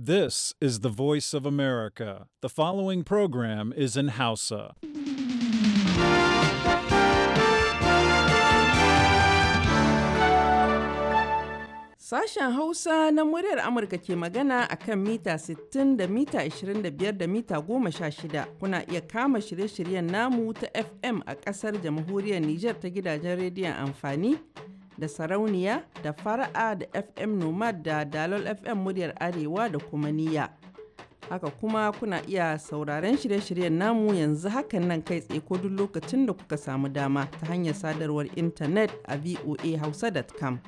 This is the voice of America. The following program is in Hausa. Sashen Hausa na muryar Amurka ke magana a kan mita 60 da mita 25 da mita 16 kuna iya kama shirye-shiryen namu ta FM a ƙasar jamhuriyar Nijar ta gidajen rediyon amfani da sarauniya da fara'a da fm nomad da dalol fm muryar arewa da kuma niyya haka kuma kuna iya sauraron shirye-shiryen namu yanzu hakan nan kai tsaye ko duk lokacin da kuka samu dama ta hanyar sadarwar intanet a voa voahausa.com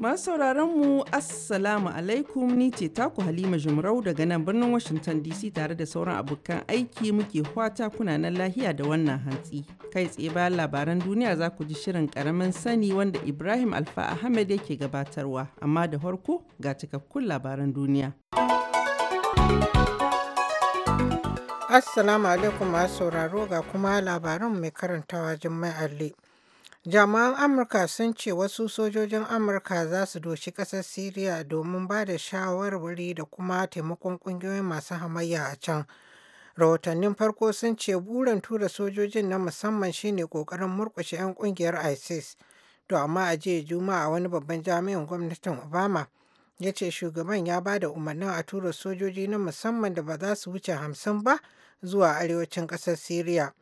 Masu sauraron mu Assalamu alaikum ni ce taku Halima Jumrau daga nan birnin Washington DC tare da sauran abokan aiki muke kwata kuna nan lahiya da wannan hantsi. Kai tsaye bayan labaran duniya za ku ji shirin karamin sani wanda Ibrahim Alfa Ahmed yake gabatarwa amma da farko ga cikakkun labaran duniya. Assalamu alaikum masu sauraro ga kuma labaran mai karantawa Jummai Ali. Jami'an Amurka sun ce wasu sojojin Amurka za su doshi ƙasar Siriya domin ba da shawarwari da kuma taimakon ƙungiyoyin masu hamayya a can. Rahotannin farko sun ce burin tura sojojin na musamman shine ƙoƙarin murkushe 'yan ƙungiyar ISIS. To amma a jiya Juma'a wani babban jami'in gwamnatin Obama ya ce shugaban ya ba da umarnin a tura sojoji na musamman da ba za su wuce hamsin ba zuwa arewacin ƙasar Siriya.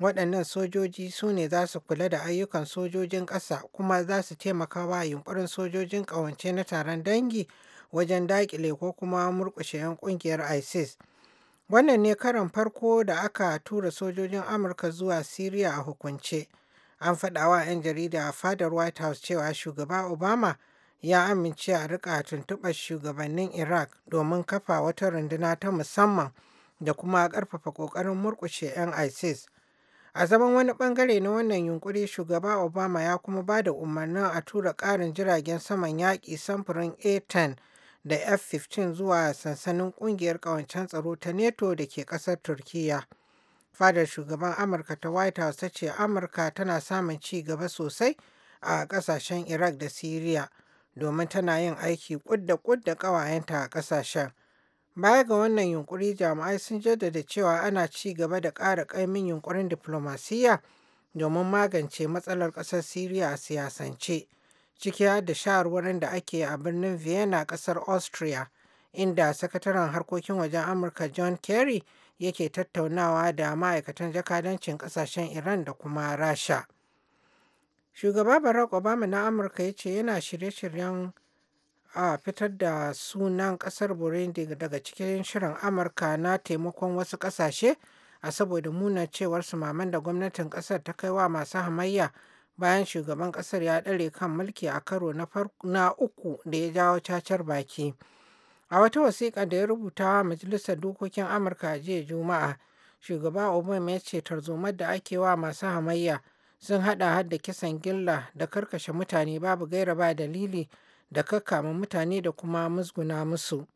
Waɗannan sojoji su ne za su kula da ayyukan sojojin ƙasa kuma za su taimaka wa yunkurin sojojin ƙawance na taron dangi wajen daƙile ko kuma murƙushe 'yan ƙungiyar ISIS. Wannan ne karan farko da aka tura sojojin Amurka zuwa Siriya a hukunce. An faɗawa 'yan jarida a fadar White House cewa shugaba Obama ya amince a riƙa tuntuɓar shugabannin Iraq domin kafa wata runduna ta musamman da kuma ƙarfafa ƙoƙarin murƙushe 'yan ISIS. A zaman wani bangare na wannan yunkuri, Shugaba Obama ya kuma ba da umarnin a tura ƙarin jiragen saman yaƙi samfurin A-10 da F-15 zuwa sansanin ƙungiyar ƙawancen tsaro ta NATO da ke ƙasar Turkiyya. Fadar shugaban Amurka ta White House ta ce Amurka tana samun ci gaba sosai a ƙasashen Iraq da Siriya domin tana yin aiki ƙud da ƙud ƙawayenta a ƙasashen. Baya ga wannan yunkuri jami'ai sun jaddada cewa ana ci gaba da ƙara ƙaimin yunƙurin diflomasiyya domin magance matsalar ƙasar Siriya a siyasance, ciki har da shawarwarin da ake a birnin Vienna ƙasar Austria, inda Sakataren Harkokin Wajen Amurka John Kerry yake tattaunawa da ma'aikatan jakadancin ƙasashen Iran da kuma Rasha. Shugaba Barack Obama na Amurka ya ce yana shirye-shiryen a fitar da sunan kasar burundi daga cikin shirin amurka na taimakon wasu kasashe a saboda muna cewar maman da gwamnatin kasar ta kai wa masu hamayya bayan shugaban kasar ya ɗare kan mulki a karo na uku da ya jawo cacar baki a wata wasiƙa da ya rubuta wa majalisar dokokin amurka a jiya juma'a shugaba obama ya ce tarzomar da ake wa masu hamayya sun hada da kisan gilla da karkashe mutane babu gaira ba dalili da kakkama mutane da kuma musguna musu.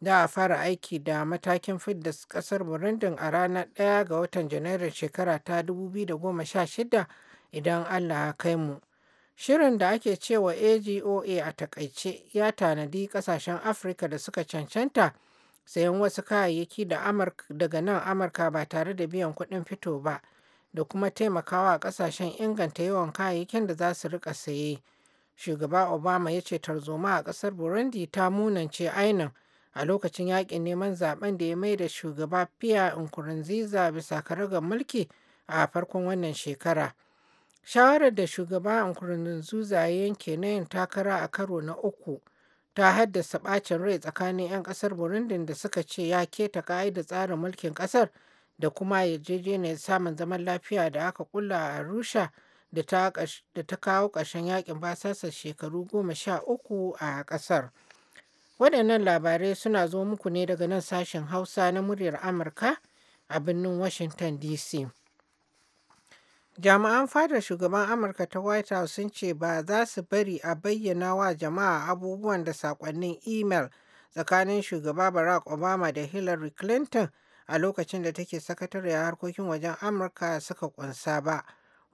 Da a fara aiki da matakin fidda kasar Burundin a ranar ɗaya ga watan Janairun shekara ta 2016 idan Allah ya kai mu. Shirin da ake cewa AGOA a takaice ya tanadi kasashen Afirka da suka cancanta sayan wasu kayayyaki daga nan Amurka ba tare da biyan kuɗin fito ba da kuma taimakawa kasashen inganta yawan kayayyakin da za su riƙa saye. Shugaba Obama ya ce tarzoma a ƙasar Burundi ta munance ainihin a lokacin yakin neman zaben da ya mai da shugaba Pierre Nkurunziza bisa karagar mulki a farkon wannan shekara. Shawarar da shugaba Nkurunziza ya yanke na yin takara a karo na uku ta haddasa ɓacin rai tsakanin 'yan ƙasar Burundi da suka ce ya keta ka'ida tsarin mulkin ƙasar da kuma yarjejeniyar samun zaman lafiya da aka kulla a Arusha da ta kawo ƙarshen yakin basasar shekaru goma sha uku a ƙasar. Waɗannan labarai suna zo muku ne daga nan sashen Hausa na muryar Amurka a birnin Washington DC. Jama'an fadar shugaban Amurka ta White House sun ce ba za su bari a bayyana wa jama'a abubuwan da saƙonnin email tsakanin shugaba Barack Obama da Hillary Clinton a lokacin da take sakatare harkokin wajen Amurka suka kunsa ba.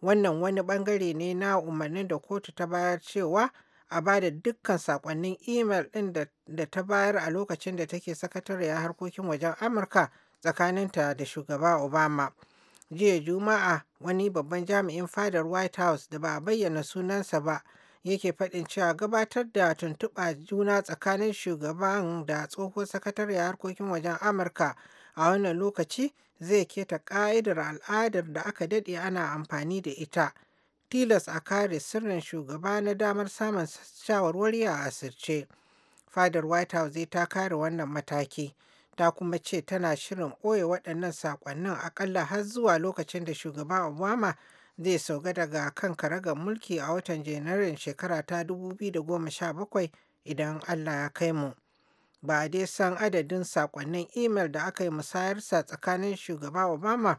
Wannan wani bangare ne na umarnin da kotu ta bayar cewa a ba da dukkan sakonnin imel ɗin da ta bayar a lokacin da take sakatariyar harkokin wajen Amurka tsakaninta da shugaba Obama. Jiya Juma'a wani babban jami'in fadar White House da ba a bayyana sunansa ba yake faɗin cewa gabatar da tuntuɓa juna tsakanin shugaban da tsohon sakatariyar harkokin wajen Amurka a wannan lokaci zai keta ƙa'idar al'adar da aka daɗe ana amfani da ita tilas a kare sirrin shugaba na damar samun shawarwari a asirce fadar white house zai ta kare wannan mataki ta kuma ce tana shirin ɓoye waɗannan saƙonnin aƙalla har zuwa lokacin da shugaba obama zai sauga daga kan karagar mulki a watan janairun shekara ta 2017 idan allah ya kai mu. ba a dai san adadin sakonnin imel da aka yi musayarsa tsakanin shugaba obama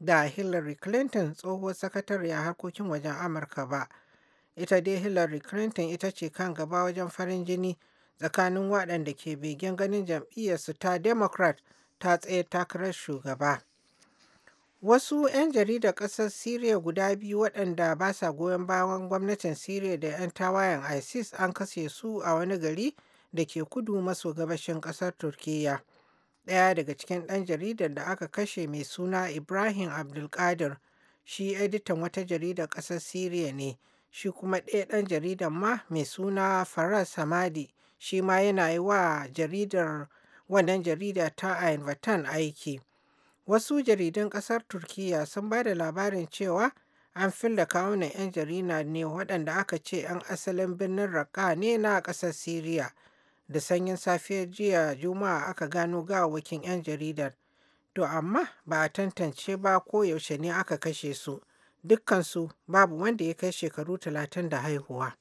da hillary clinton tsohuwar sakatariya harkokin wajen amurka ba ita dai hillary clinton ita ce kan gaba wajen farin jini tsakanin waɗanda ke begen ganin jam'iyyarsu ta democrat ta tsaye takarar shugaba wasu 'yan jaridar ƙasar syria guda biyu waɗanda ba sa goyon bayan gwamnatin syria da 'yan tawayen isis an kashe su a wani gari da ke kudu maso gabashin ƙasar Turkiyya. Ɗaya daga cikin ɗan jaridar da aka kashe mai suna Ibrahim Abdulkadir shi editan wata jaridar ƙasar Siriya ne, shi kuma ɗaya ɗan jaridar ma mai suna Faras samadi shi ma yana yi wa jaridar wannan jarida ta Ainvatan aiki. Wasu jaridun ƙasar Turkiyya sun ba da labarin cewa an filla kawunan 'yan jarida ne waɗanda aka ce 'yan asalin birnin Raqqa ne na ƙasar Siriya. da sanyin safiyar jiya Juma'a aka gano gawawwakin 'yan jaridar. To amma ba a tantance ba ko yaushe ne aka kashe su. Dukkansu babu wanda ya kai shekaru talatin da haihuwa.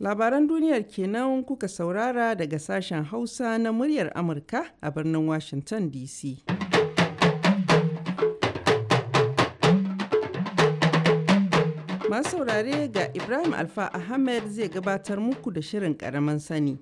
Labaran duniyar kenan kuka saurara daga sashen Hausa na muryar Amurka a birnin Washington DC. Masu saurare ga Ibrahim Alfa Ahmed zai gabatar muku da shirin ƙaramin sani.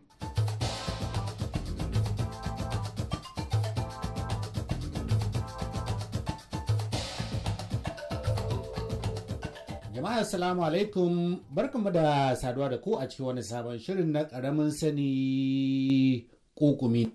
Jama'a assalamu alaikum barkanmu da saduwa da ku a cikin wani sabon shirin na ƙaramin sani kumi.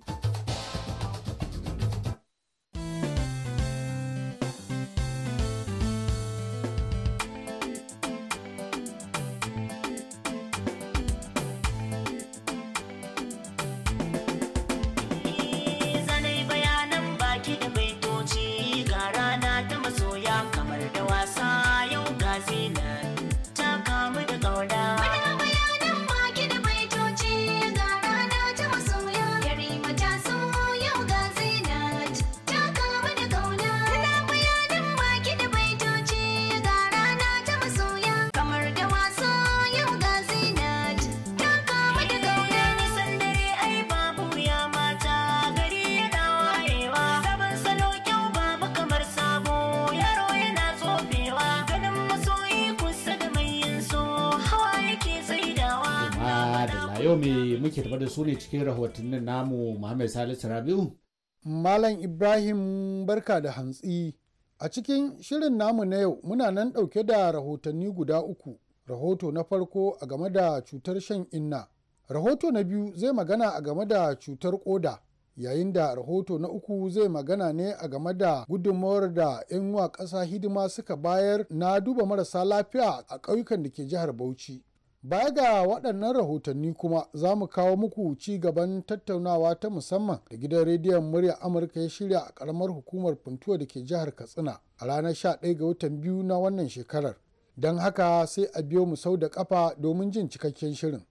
a yau me muke tafa da su ne cikin rahotannin namu Muhammad Salisu Rabiu. Malam Ibrahim barka da hantsi. A cikin shirin namu na yau muna nan ɗauke da rahotanni guda uku. Rahoto na farko a game da cutar shan inna. Rahoto na biyu zai magana a game da cutar koda. Yayin da rahoto na uku zai magana ne a game da gudunmawar da 'yan wa ƙasa hidima suka bayar na duba marasa lafiya a ƙauyukan da ke jihar Bauchi. Baya ga waɗannan rahotanni kuma za mu kawo muku ci gaban tattaunawa ta musamman da gidan rediyon murya Amurka ya shirya a ƙaramar hukumar puntuwa da ke jihar Katsina a ranar 11 ga watan biyu na wannan shekarar. Don haka sai a biyo mu sau da ƙafa domin jin cikakken shirin.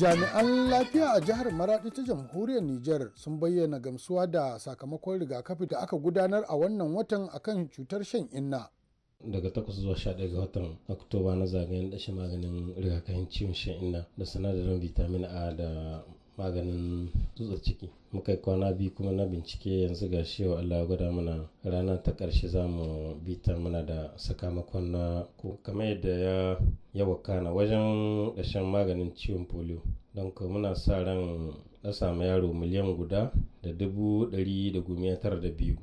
jami'an lafiya a jihar maraɗi ta jamhuriyar niger sun bayyana gamsuwa da sakamakon rigakafi da aka gudanar a wannan watan akan cutar shan inna daga takwas zuwa sha ga watan oktoba na zagayen dashe maganin rigakafin ciwon shan inna da sinadarin vitamin a da maganin tsutsa ciki muka kwana biyu kuma na bincike yanzu ga shi yau Allah ya gwada mana rana ta ƙarshe za mu bita muna da sakamakon na ko kamar yadda ya ya wakana wajen ƙarshen maganin ciwon polio don ko muna sa ran a samu yaro miliyan guda da dubu ɗari da tara da biyu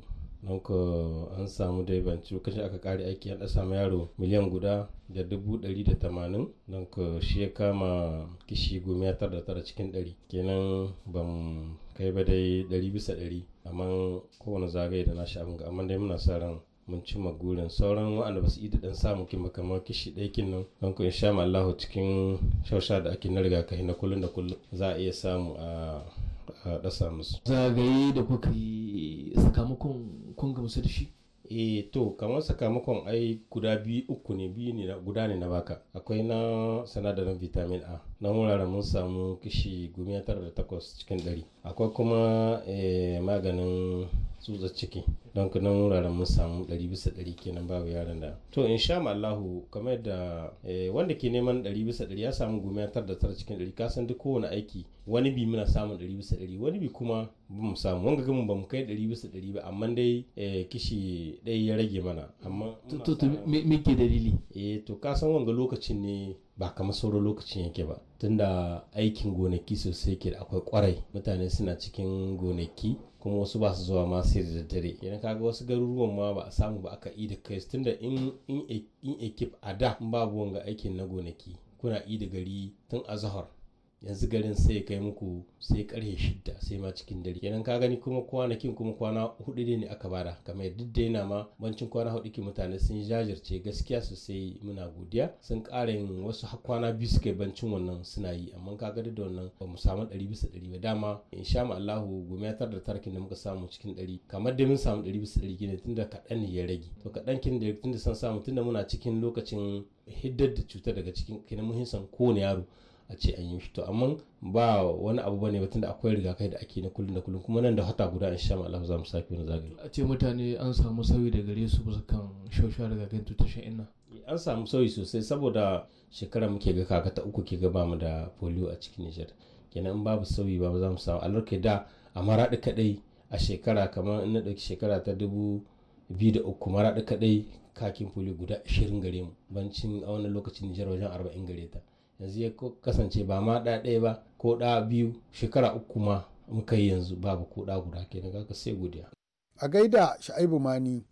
don ko an samu dai banci lokacin aka kare aiki an samu yaro miliyan guda da dubu dari da tamanin don ko shi ya kama kishi gumi ya tara tara cikin dari kenan ban kai ba dai dari bisa dari amma kowane zagaye da nashi abin ga amma dai muna sa ran mun ci magurin sauran wa'anda ba su yi da dan samu kin ba kamar kishi kin nan don ko insha Allah cikin shausha da ake na riga kai na kullum da kullum za a iya samu a ah, aka dasa musu zagaye da kuka yi sakamakon kun gamsu da shi e to kamar sakamakon ai guda biyu uku ne biyu ne guda ne na baka akwai na sanadarin vitamin a na wuraren mun samu kishi gumi tara da takwas cikin ɗari akwai kuma eh, maganin tsutsar ciki don kunan wuraren mun samu 100 kenan babu yaran da to in sha ma'allahu kamar da eh, wanda ke neman 100 ya samu gumiyatar da tara cikin 100 kasan duk kowane aiki wani bi muna samun 100 wani bi kuma ba mu samu wanga gamin ba mu kai 100 100 ba amma dai eh, kishi ɗaya ya rage mana amma to to me ke dalili eh to kasan wanga lokacin ne ba kamar sauran lokacin yake ba tunda aikin gonaki sosai ke da akwai kwarai mutane suna cikin gonaki kuma wasu ba su zuwa ma sai da daddare idan kaga wasu garuruwan ma ba a samu ba aka da kai tunda in in ekip a da babu wanga aikin na gonaki kuna da gari tun azahar yanzu garin sai kai muku sai karfe shidda sai ma cikin dare kenan ka gani kuma kwanakin kuma kwana hudu ne aka bada kamar yadda da yana ma bancin kwana hudu ki mutane sun jajirce gaskiya sosai muna godiya sun kara yin wasu kwana biyu suka bancin wannan suna yi amma ka gani da wannan ba mu samu dari bisa dari ba dama in sha ma Allahu tar da tarkin da muka samu cikin dari kamar dai mun samu dari bisa dari gina tunda kaɗan ya rage to kaɗan kin da tunda san samu tunda muna cikin lokacin hiddar da cutar daga cikin kinan muhimman kowane yaro a ce an yi shi to amma ba wani abu bane batun da akwai kai da ake na kullum da kullum kuma nan da hata guda insha Allah za mu saki wani zagaye a ce mutane an samu sauyi da gare su bisa kan shosha rigakafin tutashin inna eh, an samu sauyi sosai saboda shekara muke ga kaka ta uku ke ga bamu da polio a cikin Niger kenan in babu sauyi ba za mu samu alarke da a maraɗi kadai a shekara kamar in na ɗauki shekara ta dubu biyu da uku maraɗi kaɗai kakin polio guda ashirin gare mu bancin a wannan lokacin Niger wajen arba'in gare ta yanzu ya kasance ba ma ɗa ɗaya ba ko ɗa biyu shekara uku ma muka yi yanzu babu ko ɗa guda ne kaka sai godiya. a gaida sha'ibu mani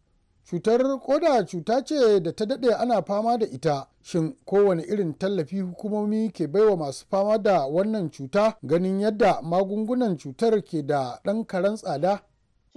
cutar koda cuta ce da ta daɗe ana fama da ita shin kowane irin tallafi hukumomi ke baiwa masu fama da wannan cuta ganin yadda magungunan cutar ke da ɗan karen tsada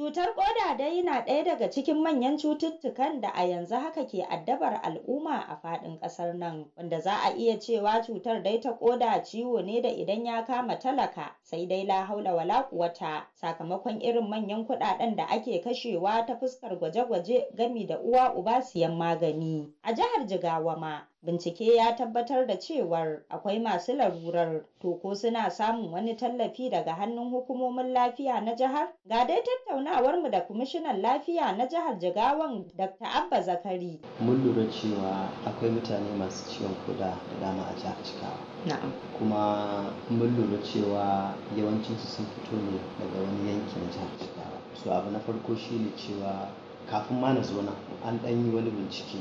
Cutar ƙoda dai na ɗaya daga cikin manyan cututtukan da a yanzu haka ke addabar al'umma a faɗin ƙasar nan, wanda za a iya cewa cutar dai ta ƙoda ciwo ne da idan ya kama talaka sai dai la haula wala quwata sakamakon irin manyan kuɗaɗen da ake kashewa ta fuskar gwaje-gwaje gami da uwa uba siyan magani. A jihar Jigawa ma Bincike ya tabbatar da cewar akwai masu larurar, to ko suna samun wani tallafi daga hannun hukumomin lafiya na jihar? Ga dai tattaunawar mu da kwamishinan lafiya na jihar Jigawan Dr. Abba Zakari. Mun lura cewa akwai mutane masu ciwon koda da dama a jihar Jigawa. Na'am. Kuma mun lura cewa yawancinsu sun fito ne daga wani yankin jihar Jigawa. So abu na farko shine cewa kafin ma na zo nan an ɗan yi wani bincike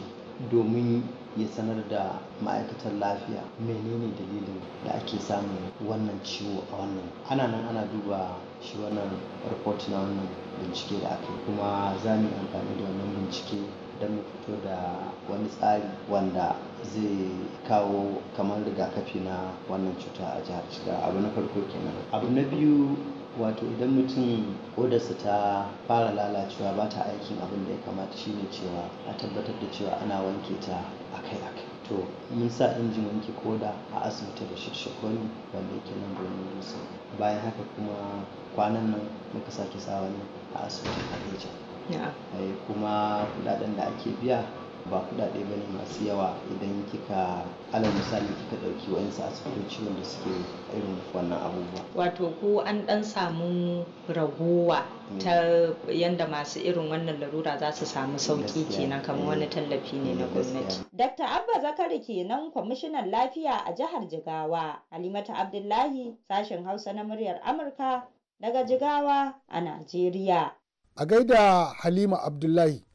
domin ya sanar da ma'aikatar lafiya menene dalilin da ake samun wannan ciwo a wannan ana nan ana duba shi wannan report na wannan bincike da aka yi kuma za mu yi amfani da wannan bincike don mu fito da wani tsari wanda zai kawo kamar rigakafi na wannan cuta a jihar shiga abu na farko kenan abu na biyu wato idan mutum kodarsa ta fara lalacewa ba ta aikin abin da ya kamata shine cewa a tabbatar da cewa ana wanke ta akai akai to mun sa injin wanke koda a asibiti da shashshagwani wanda yake nan domin dutse bayan haka kuma kwanan nan muka sake sawa wani a asibiti asibitin abuja eh, kuma kudaden da ake biya ba kuɗaɗe ba ne masu yawa idan kika alal misali kika ɗauki wayansu asibitoci wanda suke irin wannan abubuwa. Wato ko an ɗan samu ragowa mm. ta yanda masu irin wannan larura za su samu sauki kenan kamar wani eh. tallafi ne na mm, gwamnati. Dr. Abba Zakari kenan kwamishinan lafiya a jihar Jigawa, Halimata Abdullahi sashen Hausa na muryar Amurka daga Jigawa a Najeriya. A gaida Halima Abdullahi.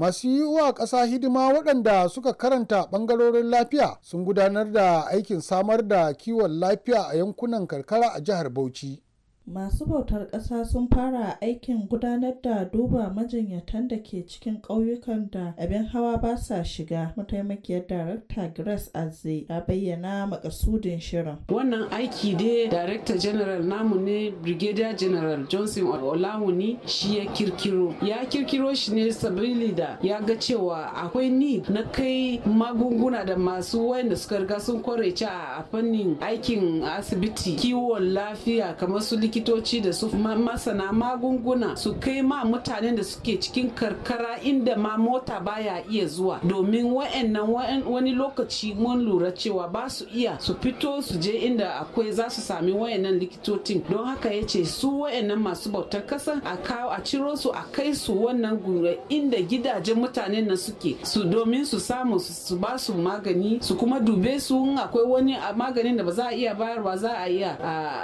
masu yi wa ƙasa hidima waɗanda suka karanta ɓangarorin lafiya sun gudanar da aikin samar da kiwon lafiya a yankunan karkara a jihar bauchi Masu bautar ƙasa sun fara aikin gudanar da duba majinyatan da ke cikin ƙauyukan da abin hawa ba sa shiga, Mataimakiyar Darakta Grace Azze ta bayyana makasudin shirin. Wannan aiki dai Darakta General namu ne Brigadier General Johnson olamuni shi ya kirkiro. Ya kirkiro shi ne sabili da ya ga cewa akwai ni na kai magunguna da masu wayanda suka riga sun kwarece a fannin aikin asibiti kiwon lafiya kamar su likitoci da su masana magunguna su kai ma mutanen da suke cikin karkara inda ma mota baya iya zuwa domin wa'annan wani lokaci mun lura cewa ba su iya su fito su je inda akwai za su sami wa'annan likitocin don haka ya ce su wa'annan masu bautar kasa a kawo a ciro su a kai su wannan gure inda gidajen mutanen nan suke su domin su samu su ba su magani su kuma dube su akwai wani maganin da ba za a iya bayarwa za a iya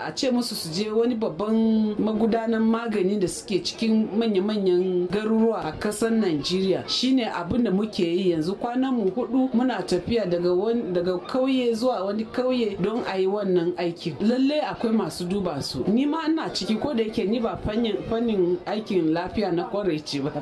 a ce musu su je wani babban magudanan magani da suke cikin manya-manyan garuruwa a kasar Najeriya shine abin da muke yi yanzu kwanan mu hudu muna tafiya daga daga kauye zuwa wani kauye don a yi wannan aikin lalle akwai masu duba su ni ma ina ciki ko da yake ni ba fannin aikin lafiya na kwarece ba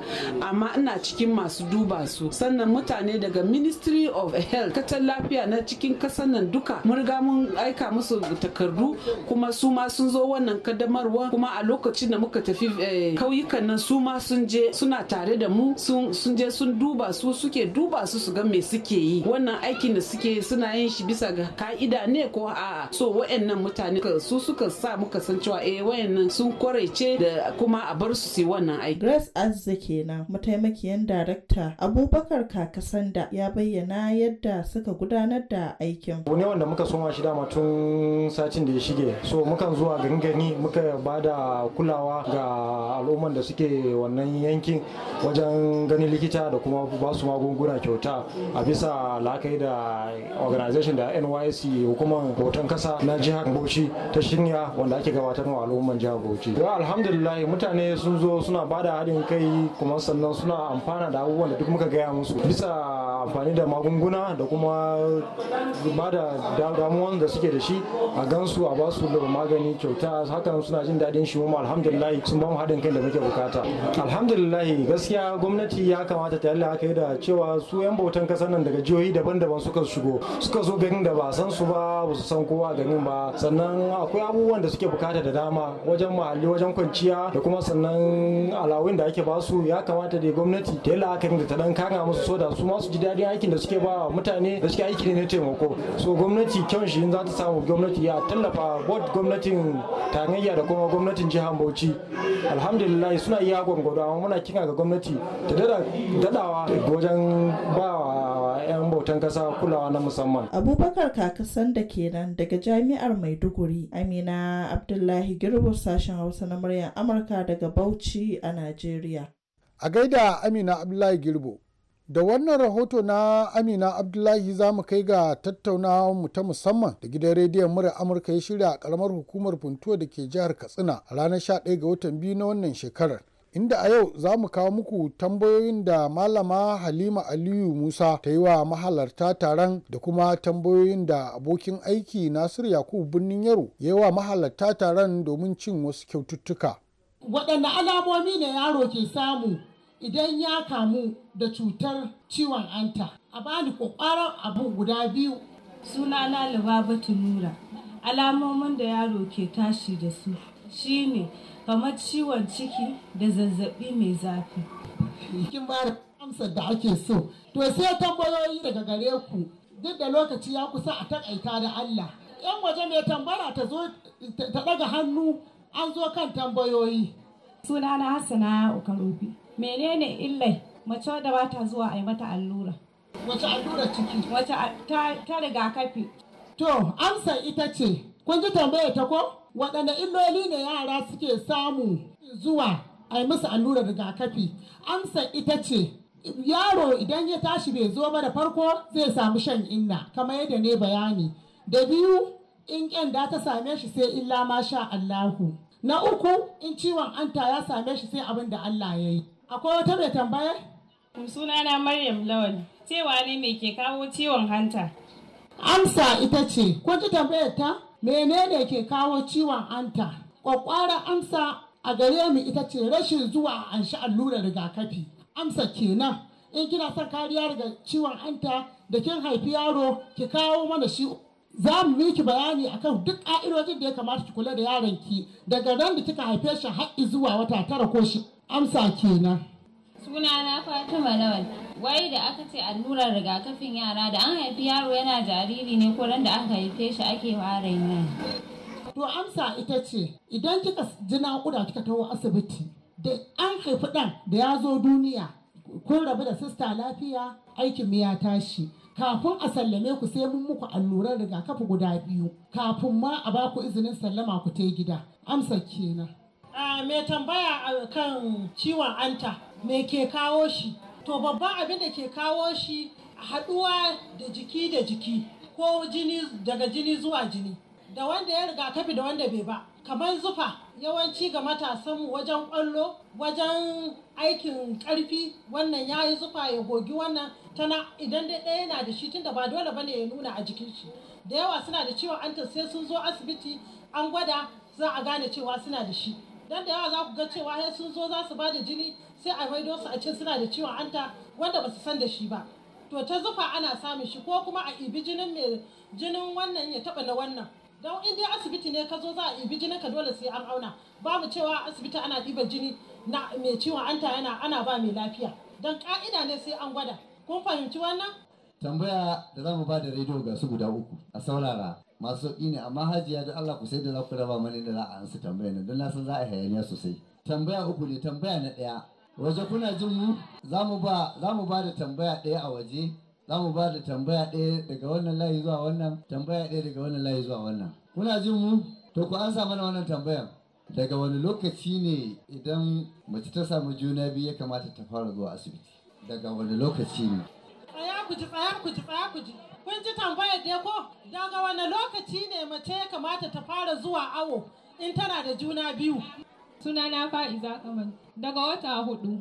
amma ina cikin masu duba su sannan mutane daga ministry of health katan lafiya na cikin kasar nan duka mun riga mun aika musu takardu kuma su ma sun zo wannan kaddamarwa kuma a lokacin da muka tafi eh, kauyukan nan su ma sun je suna tare da mu sun je sun duba su suke duba su su ga me suke yi wannan aikin da suke suna yin shi bisa ga ka'ida ne ko a so wayannan mutane su suka sa muka san cewa eh wayannan sun kwarece da kuma a bar su su wannan aiki Grace Azza kenan mataimakiyan darakta Abubakar Kakasanda ya bayyana yadda suka gudanar da aikin. Wani wanda muka soma shi dama tun satin da ya shige so mukan zuwa gangani muka ba da kulawa ga al'umman da suke wannan yankin wajen ganin likita da kuma ba su magunguna kyauta a bisa la'akari da organization da nysc hukumar hoton kasa na jihar bauchi ta shirya wanda ake gabatar wa al'umman jihar bauchi alhamdulillah mutane sun zo suna ba da haɗin kai kuma sannan suna amfana da abubuwan da duk muka gaya musu bisa amfani da magunguna da kuma ba da damuwan da suke da shi a gansu a basu su magani kyauta hakan suna jin daɗin shi mu alhamdulillah sun ba mu haɗin kai da muke bukata alhamdulillah gaskiya gwamnati ya kamata ta yalla aka yi da cewa su yan bautan kasar nan daga jihohi daban-daban suka shigo suka zo garin da ba san su ba ba su san kowa garin ba sannan akwai abubuwan da suke bukata da dama wajen mahalli wajen kwanciya da kuma sannan alawin da ake ba su ya kamata da gwamnati ta yalla aka da ta dan kara musu so da su ma su ji daɗin aikin da suke ba mutane da suke aiki ne na taimako so gwamnati kyan shi in za ta samu gwamnati ya tallafa gwamnatin tare tarayya da kuma gwamnatin jihar Bauchi alhamdulillah suna iya gwangwado amma muna kira ga gwamnati ta dada dadawa wajen ba 'yan bautan kasa kulawa na musamman abubakar kakasan da kenan daga jami'ar maiduguri amina abdullahi girbo sashen hausa na muryar amurka daga bauchi a najeriya a gaida amina abdullahi girbo Da wannan rahoto na Amina Abdullahi za mu kai ga tattaunawa mu ta musamman da gidan rediyon mura Amurka ya shirya a karamar hukumar Funtuwa da ke jihar Katsina a ranar 11 ga watan biyu na wannan shekarar. Inda a yau za mu kawo muku tambayoyin da Malama Halima Aliyu Musa ta yi wa mahalarta taron da kuma tambayoyin da abokin aiki Nasiru Yakubu Birnin Yaro ya yi wa mahalarta taron domin cin wasu kyaututtuka. Waɗanne alamomi ne yaro ke samu idan ya kamu da cutar ciwon anta a bani kwakwaran abu guda biyu Suna na libabatu nura alamomin da yaro ke tashi da su shine kamar ciwon ciki da zazzabi mai zafi kin ba amsar da ake so to sai tambayoyi daga gare ku duk da lokaci ya kusa a takaita da Allah yan waje mai tambara ta zo ta daga hannu an zo kan tambayoyi sunana hassana okarobi menene illai mace wadda ba ta zuwa a yi mata allura wace allura ciki wace ta rigakafi to amsa ita ce kun ji tambaya ta ko waɗanne illoli ne yara suke samu zuwa a yi musu allurar rigakafi amsa ita ce yaro idan ya tashi bai zo ba da farko zai samu shan inna kamar yadda ne bayani da biyu in kyanda ta same shi sai illa ma sha Allahu na uku in ciwon anta ya same shi sai abin da Allah ya yi Akwai wata mai tambaya? na Maryam Lawal. Cewa ne mai ke kawo ciwon hanta? Amsa ita ce, kun ji tambayar ta? Menene ke kawo ciwon hanta? Kwakwara amsa a gare mu ita ce rashin zuwa a anshi allurar rigakafi. Amsa kenan. In kina son kariya daga ciwon hanta da kin haifi yaro ki kawo mana shi za mu miki bayani akan duk ƙa'idodin da ya kamata ki kula da yaron ki daga nan da kika haife shi har zuwa wata tara ko shi amsa kenan suna na fatima lawal wai da aka ce allurar rigakafin yara da an haifi yaro yana jariri ne ko da aka haife shi ake fara yin to amsa ita ce idan kika ji naƙuda kika taho asibiti da an haifi ɗan da ya zo duniya kun rabu da sista lafiya aikin ya tashi kafin a sallame ku sai mun muku allurar rigakafi guda biyu kafin ma a baku izinin sallama ku ta gida amsa kenan Ah, mai tambaya kan ciwon anta mai ke kawo shi to babban abin da ke kawo shi haɗuwa da jiki da jiki ko jini daga jini zuwa jini da wanda ya kafi da wanda bai ba kamar zufa yawanci ga matasan wajen ƙwallo wajen aikin ƙarfi wannan ya yi zufa ya gogi wannan tana idan dai ɗaya yana da shi tunda ba dole bane ya nuna a jikin shi da yawa suna da ciwon anta sai sun zo asibiti an gwada za a gane cewa suna da shi don da yawa za ku ga cewa sai sun zo za su ba jini sai a maido su a ce suna da ciwon hanta wanda ba su san da shi ba to ta zufa ana samun shi ko kuma a ibi jinin mai jinin wannan ya taba na wannan don in dai asibiti ne ka zo za a ibi jinin ka dole sai an auna babu cewa asibiti ana biba jini na mai ciwon hanta yana ana ba mai lafiya don ka'ida ne sai an gwada kun fahimci wannan tambaya da zamu mu ba da rediyo ga su guda uku a saurara masu sauƙi ne amma hajiya da Allah ku sai da za ku raba mani da za a ansa tambaya nan don na san za a hayaniya sosai tambaya uku ne tambaya na ɗaya waje kuna jin mu za mu ba da tambaya ɗaya a waje za mu ba da tambaya ɗaya daga wannan layi zuwa wannan tambaya ɗaya daga wannan layi zuwa wannan kuna jin mu to ku ansa mana wannan tambayan daga wani lokaci ne idan mace ta samu juna biyu ya kamata ta fara zuwa asibiti daga wani lokaci ne tsaya ku ji tsaya ku ji tsaya ku ji kun ji tambayar da ko daga wani lokaci ne mace ya kamata ta fara zuwa awo in tana da juna biyu sunana fa'iza kamal daga wata hudu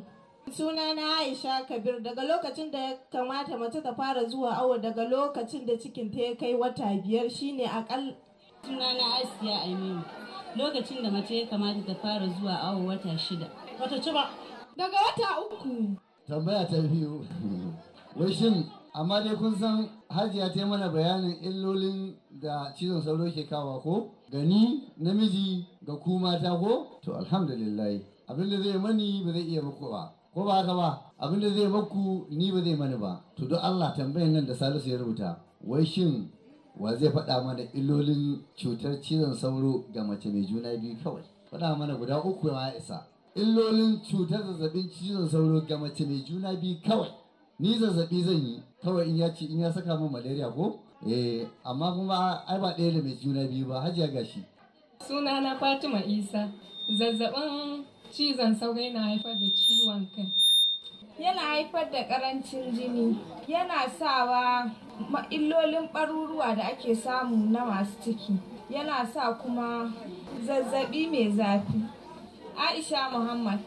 sunana aisha kabir daga lokacin da ya kamata mace ta fara zuwa awo daga lokacin da cikin ta ya kai wata biyar shine akal sunana asiya aminu lokacin da mace ya kamata ta fara zuwa awo wata shida wata ci ba daga wata uku tambaya ta biyu wai shin amma dai kun san hajiya ta mana bayanin illolin da cizon sauro ke kawa ko gani namiji ga ku mata ko to alhamdulillah abin da zai mani ba zai iya muku ba ko ba haka ba abin da zai muku ni ba zai mani ba to don Allah tambayan nan da Salisu ya rubuta wai shin wa zai faɗa mana illolin cutar cizon sauro ga mace mai juna biyu kawai faɗa mana guda uku ya isa illolin cutar zazzabin cizon sauro ga mace mai juna biyu kawai ni zazzaɓi zan yi kawai in ya ce in ya saka min malaria ko eh amma kuma ai ba ɗaya da mai juna biyu ba hajiya gashi sunana fatima isa zazzaɓin cizon sauro yana haifar da ciwon kai yana haifar da ƙarancin jini yana sawa illolin ɓaruruwa da ake samu na masu ciki yana sa kuma zazzaɓi mai zafi aisha muhammad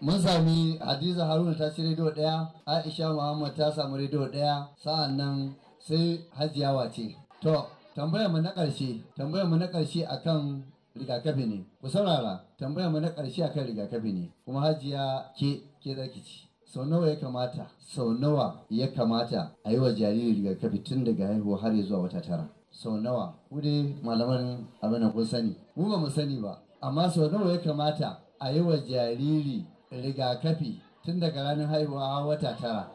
mun sami hadiza haruna ta ci rediyo ɗaya aisha muhammad ta samu rediyo ɗaya sa'an nan sai Hajiya wace. to tambayar mu na ƙarshe tambayar mu na ƙarshe akan rigakafi ne ku saurara tambayar mu na ƙarshe akan rigakafi ne kuma hajiya ke ke zaki ci sau nawa ya kamata sau nawa ya kamata a yi wa jariri rigakafi tun daga haihuwa har zuwa wata tara sau nawa ku dai malaman abin da kun sani mu ba mu sani ba amma sau nawa ya kamata a yi wa jariri rigakafi tun daga ranar haihuwa wata tara.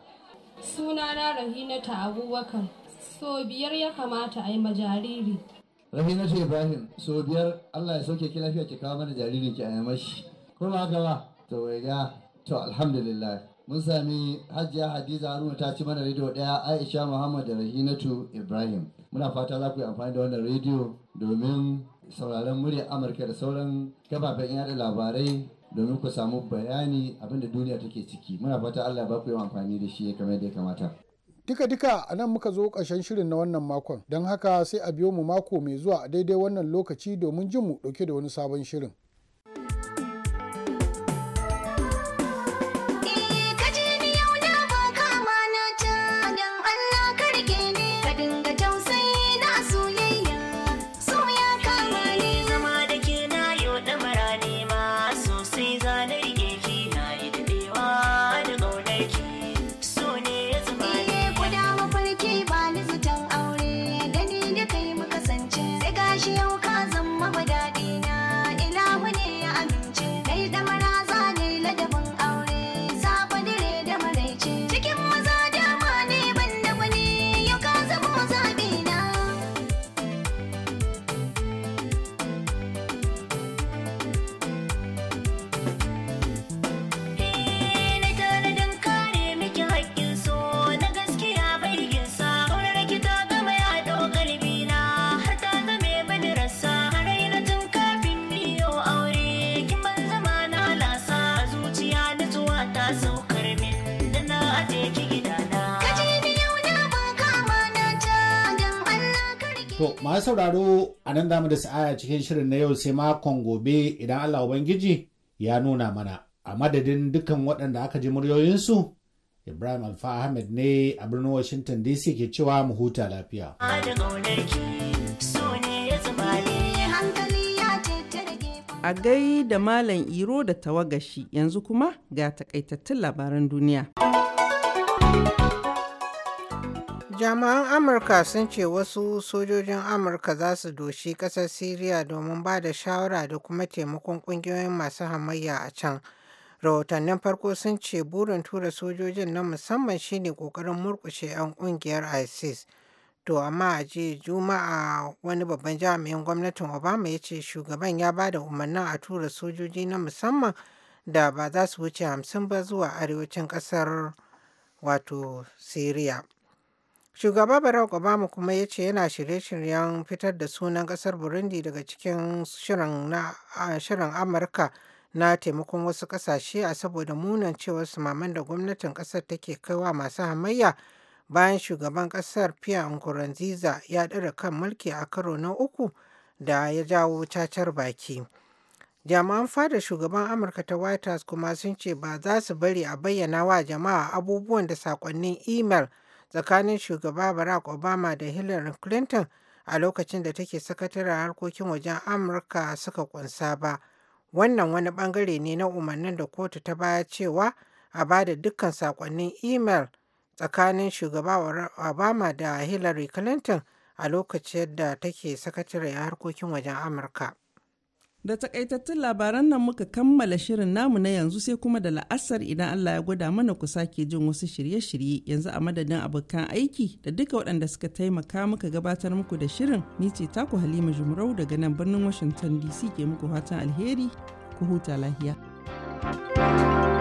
Suna Sunana Rahinata Abubakar, so biyar ya kamata a yi majariri. Rahinatu Ibrahim, so biyar Allah ya sauke ki lafiya ki kawo mana jariri ki a yamashi. Ko haka ba? To ga to alhamdulillah. Mun sami Hajiya Hadiza Haruna ta ci mana rediyo ɗaya Aisha Muhammad da Rahinatu Ibrahim. Muna fata za ku yi amfani da wannan rediyo domin sauraron murya Amurka da sauran kafafen yada labarai domin ku samu bayani abinda duniya take ciki muna fata Allah ba ku yi amfani da shi kamar yadda ya kamata Duka-duka a nan muka zo ƙarshen shirin na wannan makon, don haka sai a biyo mu mako mai zuwa a daidai wannan lokaci domin jin mu ɗauke da wani sabon shirin. masu sauraro a nan damu da sa'aya cikin shirin na yau sai makon gobe idan Allah Ubangiji ya nuna mana a madadin dukkan waɗanda aka ji muryoyinsu Ibrahim Alfa Ahmed ne a birnin Washington DC ke cewa mu huta lafiya. A gai da Malam Iro da tawagashi yanzu kuma ga takaitattun labaran duniya. Jami'an Amurka sun ce wasu sojojin Amurka za su doshi ƙasar Siriya domin ba da shawara da kuma taimakon ƙungiyoyin masu hamayya a can. Rahotannin farko sun ce burin tura sojojin na musamman shine ƙoƙarin murkushe 'yan ƙungiyar ISIS. To amma a jiya Juma'a wani babban jami'in gwamnatin Obama ya ce shugaban ya ba da umarnin a tura sojoji na musamman da ba za su wuce hamsin ba zuwa arewacin ƙasar wato Siriya. Shugaba Barack Obama kuma ya ce yana shirye-shiryen fitar da sunan ƙasar Burundi daga cikin shirin Amurka na taimakon wasu ƙasashe a saboda munan munancewar sumaman da gwamnatin ƙasar take kaiwa masu hamayya bayan shugaban ƙasar Pierre Nkurunziza ya ɗara kan mulki a karo na uku da ya jawo cacar baki. Jama'an fada shugaban Amurka ta White House kuma sun ce ba za su bari a bayyana wa jama'a abubuwan da sakonnin imel tsakanin shugaba barack obama da hillary clinton a lokacin da take sakataren harkokin wajen amurka suka kunsa ba wannan wani bangare ne na umarnin da kotu ta baya cewa a ba da dukkan sakonnin imel tsakanin shugaba obama da hillary clinton a lokacin da take sakataren harkokin wajen amurka Da takaitattun labaran nan muka kammala shirin namu na yanzu sai kuma da la'asar idan Allah ya gwada mana ku sake jin wasu shirye-shirye yanzu a madadin abokan aiki da duka waɗanda suka taimaka muka gabatar muku da shirin ni ce taku Halima Jumrau daga nan birnin Washington DC ke muku fatan alheri ku huta lahiya. thank you